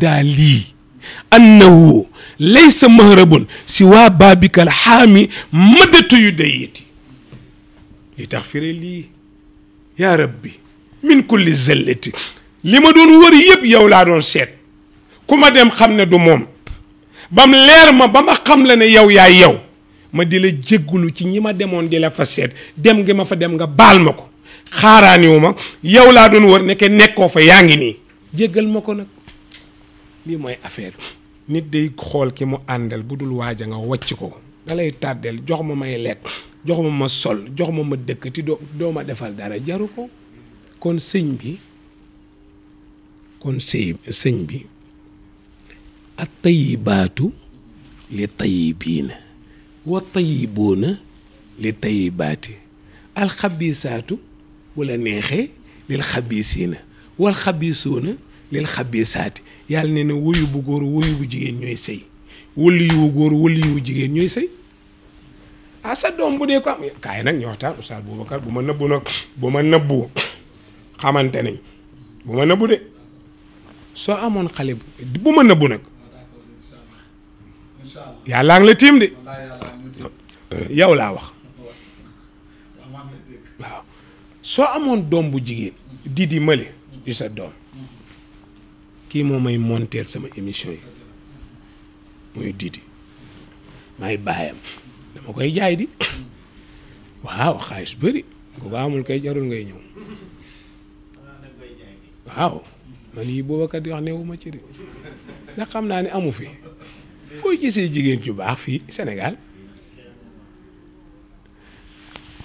abdaa lii annahu laysa mahrabun si waa baabikal xaami madatu yu dayiti li tax fire lii yaa rabbi min kulli zallati li ma doon wër yëpp yow laa doon seet ku ma dem xam ne du moom bam leer ma bama ma xam la ne yow yaa yow ma di la jéggulu ci ñi ma demoon di la fa seet dem ngi ma fa dem nga baal ma ko xaaraaniwu ma yow laa doon wër nekke nekkoo fa yaa ngi nii jéggal ma ko nag lii mooy affaire nit day xool ki mu àndal bu dul waaj a nga wàcc ko da lay tàddeel jox ma may lekk jox ma ma sol jox ma ma dëkk ti doo doo defal dara jaru ko kon sëñ bi kon sëy sëñ bi at tayibaatu li tayibiina wa tayiboona li tayibaati alxabisaatu bu la neexee lil xabisiina wal xabisuuna lil xabisaati yàlla ne na wuyu bu góor wuyu bu jigéen ñooy sëy wëlli yu góor wëlli yu jigéen ñooy sëy ah sa doom bu dee ko am kaay nag ñu waxtaan Oustaz Boubacar bu ma nëbbu nag bu ma nëbbu xamante nañ bu ma nëbbu de soo amoon xale bu bu ma nëbbu nag yàllaa ngi la tiim de yow laa wax waaw soo amoon doom bu jigéen di di mali di sa doom kii moo may monteel sama émission yi muy Didi may baayam dama koy jaay di waaw xaalis bëri ku ko amul kay jarul ngay ñëw waaw man yi boobakat yi wax ne ma ci ndax xam naa ni amu fi foo gisee jigéen ju baax fii senegal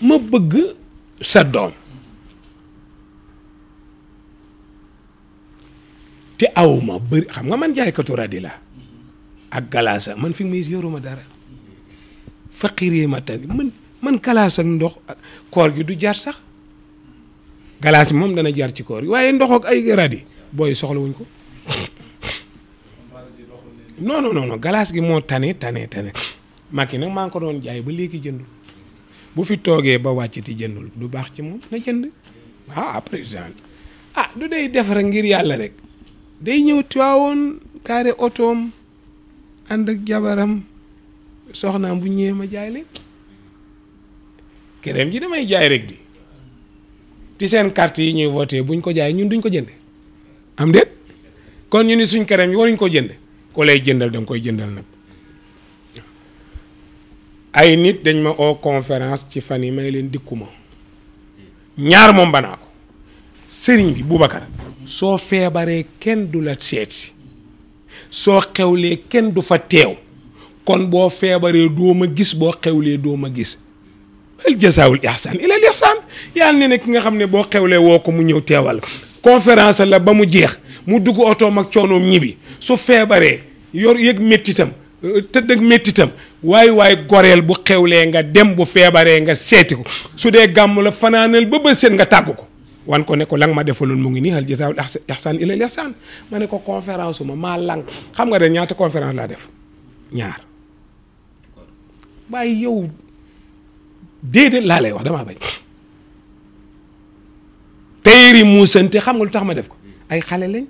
ma bëgg sa doom te awma bëri xam nga man jaaykatu radi la ak galaasa man fi mu yoruma dara faqiree ma tani man galaas ak ndox koor gi du jar sax galaas bi moom dana jar ci koor gi waaye ndox ak ay radi booy soxla wuñ ko non non galaas gi moo tane tane tane Macky nag maa ngi ko doon jaay ba léegi jëndul bu fi toogee ba wàccati jëndul du baax ci moom na jënd waaw ah président ah du day def ngir yàlla rek day ñëw Tiwaawoon kaare otom ànd ak jabaram soxnaam bu ñëwee ma jaay leen këram ji damay jaay rek di ti seen carte yi ñuy voté buñ ko jaay ñun duñ ko jënde am déet kon ñu ni suñ këram yi waruñ ko jënde ku lay jëndal danga koy jëndal nag ay nit dañ ma oo conférence ci fan yi may leen dikkuma ñaar moom banaa ko sëriñ bi Boubacar soo feebaree kenn du la seetsi soo xewlee kenn du fa teew kon boo feebaree doo ma gis boo xewlee doo ma gis al jasaawul ihsaan ilal ihsaan yàlla ne ki nga xam ne boo xewlee woo ko mu ñëw teewal conférence la ba mu jeex mu dugg otoom ak coonoom ñibi su feebaree yor yëg méttitam euh, tëdd ak méttitam waaye waay goreel bu xewlee nga dem bu feebaree nga seeti ko su dee gàmm la fanaanal ba bët seen nga tàggu ko wan ko ne ko lang ma defaloon mu ngi nii hal jazaa'ul ihsaan illal ihsaan ma ne ko conférence uma maa lang xam nga de ñaata conférence laa def ñaar waaye yow déedéet laa lay wax damaa bañ teyri muusante xam nga lu tax ma def ko ay xale lañ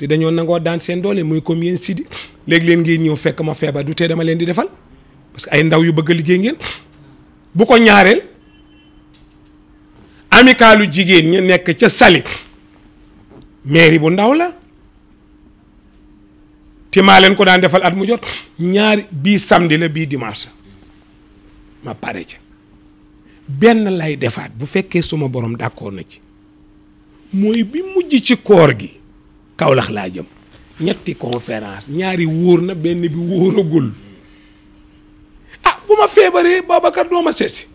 te dañoo nangoo daan seen doole muy comme yéen sidi léegi leen ngeen ñëw fekk ma feebar du tee dama leen di defal parce que ay ndaw yu bëgg a liggéey ngeen bu ko ñaareel amicalu jigéen ñi nekk ca Saly mairie bu ndaw la ti maa leen ko daan defal at mu jot ñaari bii samedi la bii dimanche ma pare ca benn lay defaat bu fekkee suma borom d'accord na ci mooy bi mujj ci koor gi Kaolack laa jëm ñetti conférence ñaari wóor na benn bi wóoragul ah bu ma feebaree Babacar doo ma seeti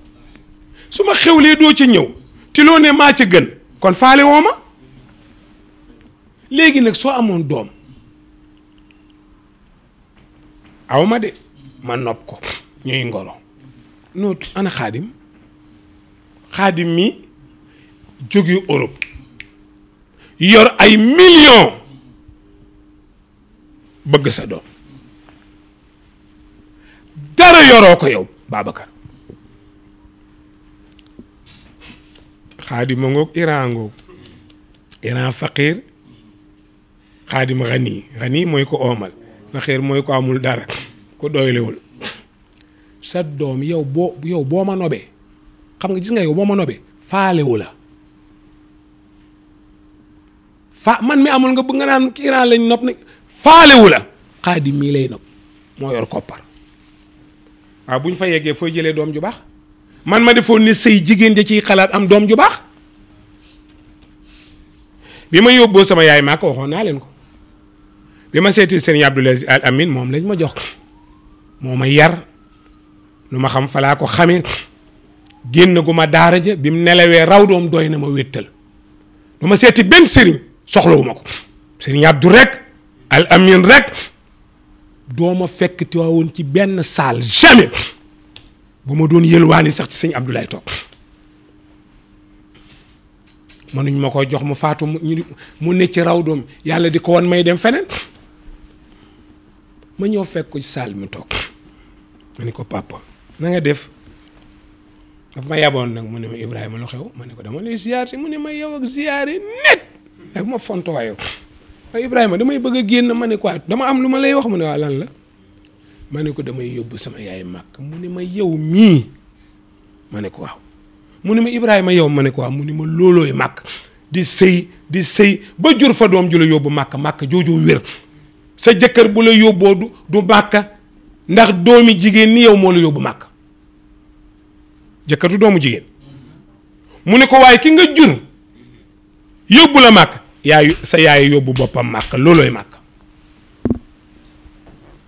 suma ma xewlee doo ci ñëw te loo ne maa ca gën kon faale woo ma léegi nag soo amoon doom aw ma de ma nopp ko ñuy ngoro noo ana xaadim xaadim mi jóge Europe yor ay millions bëgg sa doom dara yoroo ko yow Babacar xaadima ngoog Iran ngoog Iran faqiir xaadima xanii xanii mooy ko oomal faqiir mooy ko amul dara ku doylewul sa doom yow boo yow boo ma nobee xam nga gis nga yow boo ma nobee faalewu fa man mi amul nga bëgg nga naan Iran lañ nopp nag faalewu la xaadim mii lay nopp moo yor koppar waaw bu ñu fa yeggee foo jëlee doom ju baax man ma defoon ne sëy jigéen ja ciy xalaat am doom ju baax bi ma yóbboo sama yaay maa ko waxoon naa leen ko bi ma seeti sëriñ Abdoulaye Al Amin moom lañ ma jox moo ma yar lu ma xam falaa ko xamee génn gu ma daara ja bi mu nelawee raw doom doy na ma wéttal du ma seeti benn sëriñ soxlawuma ko sëriñ Abdou rek Al Amin rek doo ci benn saal jamais bu ma doon yëlwaani sax ci sëñ Abdoulaye toog mënuñ ma ko jox mu faatu mu ne ci raw doom yàlla di ko won may dem feneen ma ñëw fekk ko ci saal mi toog ma ne ko papa na nga def daf ma yaboon nag mu ne ma Ibrahima lu xew ma ne ko dama lay ziar si mu ne ma yow ak ziar yi net ak ma damay bëgg a génn ma ne ko ah, dama am lu ma lay wax mu ne waa ah, lan la ma ne ko damay yóbbu sama yaay màkk mu ne ma yow mii ma ne ko waaw. mu ni ma Ibrahima yow ma ne ko waaw mu ni ma loolooy màkk di sëy di sëy ba jur fa doom ju la yóbbu màkk màkk joojoo wér sa jëkkër bu la yóbboo du du ndax doomi jigéen ni yow moo la yóbbu màkk jëkkër du doomu jigéen mu ne ko waaye ki nga jur yóbbu la màkk yaay sa yaay yóbbu boppam màkk loolooy màkk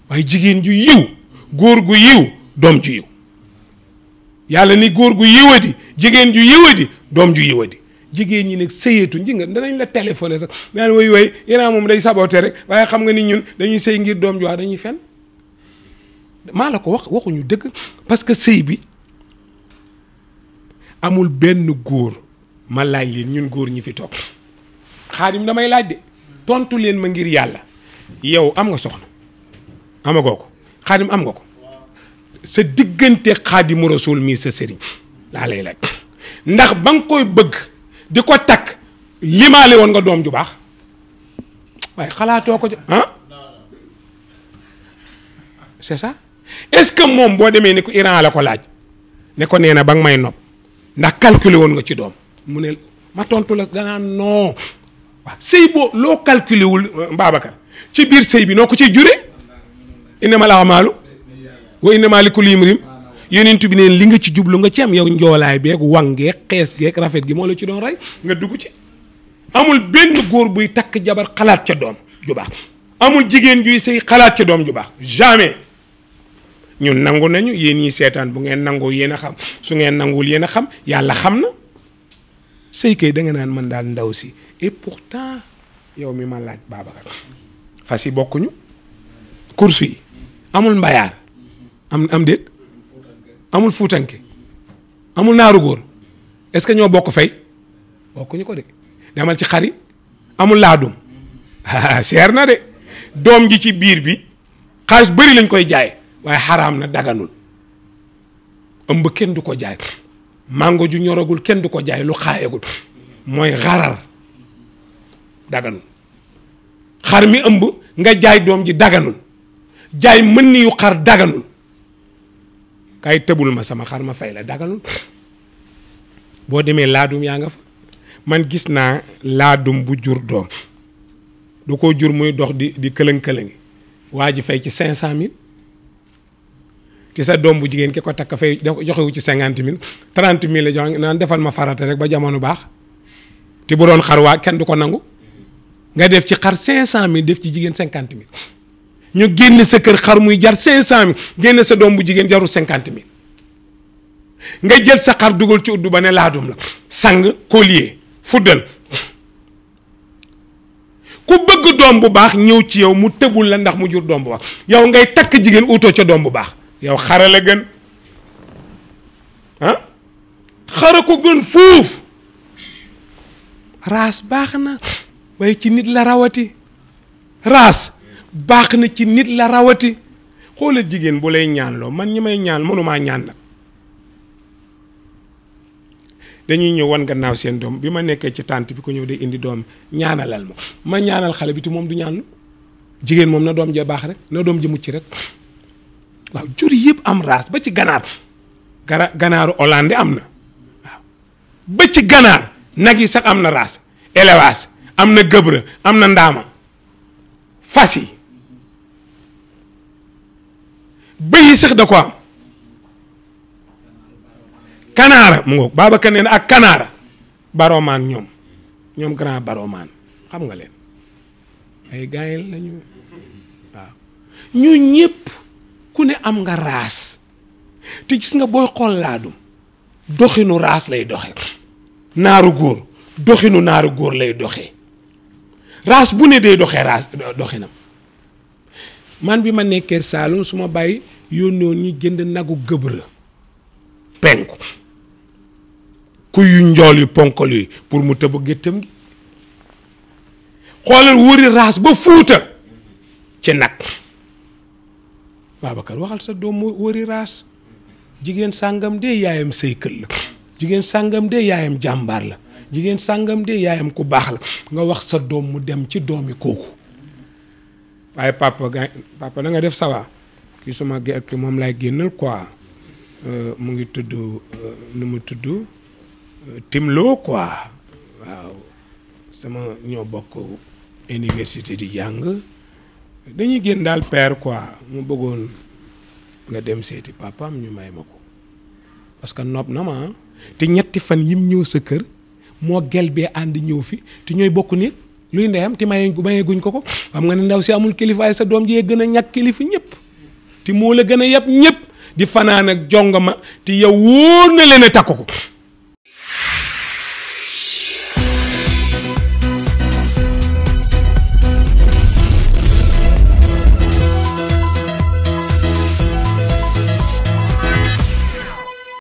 waaye jigéen ju yiw góor gu yiw doom ju yiw yàlla ni góor gu yiwadi jigéen ju yiwadi doom ju yiwadi jigéen ñi nag sëyeetu ji nga danañ la téléphoné sax naan woy woy Iran moom day saboté rek waaye xam nga ni ñun dañuy sëy ngir doom ju wax dañuy fen maa la ko wax waxuñu dëgg parce que sëy bi amul benn góor ma laaj leen ñun góor ñi fi toog xaadim damay laaj de tontu leen ma ngir yàlla yow am nga soxna amagoo ko xaadim am nga ko sa diggante xaadimu rasul mii sa sëriñ laa lay laaj ndax ba nga koy bëgg di ko takk limaale woon nga doom ju baax waaye xalaatoo ko ah c'est ça est-ce que moom boo demee ni ko Iran la ko laaj ne ko nee na ba nga may nopp ndax calculer woon nga ci doom mu ne ma tontu la danaa non waaw sëy boo loo calculer wul euh, ci biir sëy bi noo ko ci jure inna ma la amaalu wa innamaa li kulli imri'in yonent bi neen li nga ci jublu nga ci am yow njoolaay beeg wangeeg xees geek rafet gi moo la ci doon rey nga dugg ci amul benn góor buy takk jabar xalaat ca doom ju baax amul jigéen juy sëy xalaat ca doom ju baax jamais ñun nangu nañu yéen ñi seetaan bu ngeen nangoo yéen a xam su ngeen nanguwul yéen a xam yàlla xam na sëy kay da nga naan man daal ndaw si et pourtant yow mi ma laaj Babacar fas yi bokkuñu course yi amul mbayaar am am déet amul fuutanke amul naaru góor est ce que ñoo bokk fay bokkuñu ko de demal ci xari amul laadum ah seer na de doom ji ci biir bi xaalis bëri lañ koy jaay waaye xaraam na daganul ëmb kenn du ko jaay mango ju ñoragul kenn du ko jaay lu xaayagul mooy xarar daganul xar mi ëmb nga jaay doom ji daganul jaay mën ni yu xar daganul kay tëbul ma sama xar ma fay la dagalul boo demee laadum yaa nga fa man gis naa laadum bu jur doom du ko jur muy dox di di këlëng-këlëngi waa ji fey ci cinq cent mille ci sa doom bu jigéen ki ko takk fay joxewu ci cinquante mille trente mille la jox naan defal ma farate rek ba jamono baax te bu doon xar waa kenn du ko nangu nga def ci xar cinq cent mille def ci jigéen cinquante mille ñu génn sa kër xar muy jar cinq cent mille génn sa doom bu jigéen jarul cinquante mille nga jël sa xar dugal ci uddu ba ne laadum la sang collier fuddal ku bëgg doom bu baax ñëw ci yow mu tëbul la ndax mu jur doom bu baax yow ngay takk jigéen utoo ca doom bu baax yow xara la gën ah? xara ko gën fuuf raas baax na waaye ci nit la rawati raas baax na ci nit la rawati xoolal jigéen bu lay ñaanloo man ñi may ñaan mënumaa ñaan nag dañuy ñëw wan gannaaw seen doom bi ma nekkee ci tànt bi ko ñëw day indi doom ñaanalal ma ma ñaanal xale bi te moom du ñaanlu jigéen moom na doom ja baax rek na doom ja mucc rek waaw jur yépp am raas ba ci ganaar gara ganaaru Hollande am na waaw ba ganaar nag yi sax am na raas élevage am na gëbrë am na ndaama fas yi bëy yi sax da ko am kanaara mu ngoog Babacar nee na ak kanaara baromaan ñoom ñoom grand baromaan xam nga leen ay gaayen lañu waaw ñu ñëpp ku ne am nga raas te gis nga booy xool laadum doxinu raas lay doxe naaru góor doxinu naaru góor lay doxee raas bu ne day doxee raas doxinam man bi ma nekkee Saalum su ma bàyyi yónnee ñu jënd nagu gëbërë penku ku yu njool yu ponkal yi pour mu tëb géttam gi xoolal wëri raas ba fuuta ci nag Babacar waxal sa doom wëri raas jigéen sàngam de yaayam saykël la jigéen sàngam de yaayam jàmbaar la jigéen sàngam de yaayam ku baax la nga wax sa doom mu dem ci doomi kooku waaye papa ga papa na nga def sawa ki suma ki moom laay génnal quoi euh, mu ngi tudd euh, nu mu tudd euh, timloo quoi waaw sama ñoo bokk université di jàng dañuy génn daal père quoi mu bëggoon nga dem seeti papaam ñu may ma ko parce que nopp na ma ah. te ñetti fan yim ñëw sa kër moo gel bee ànd ñëw fi te ñooy bokk nit luy ndeyam ti maye maye guñ ko ko xam nga ne ndaw si amul kilifaay sa doom jee gën a ñàkk kilifa ñëpp ti moo la gën a yab ñëpp di fanaan ak jongama ti yow wóor na leen a ko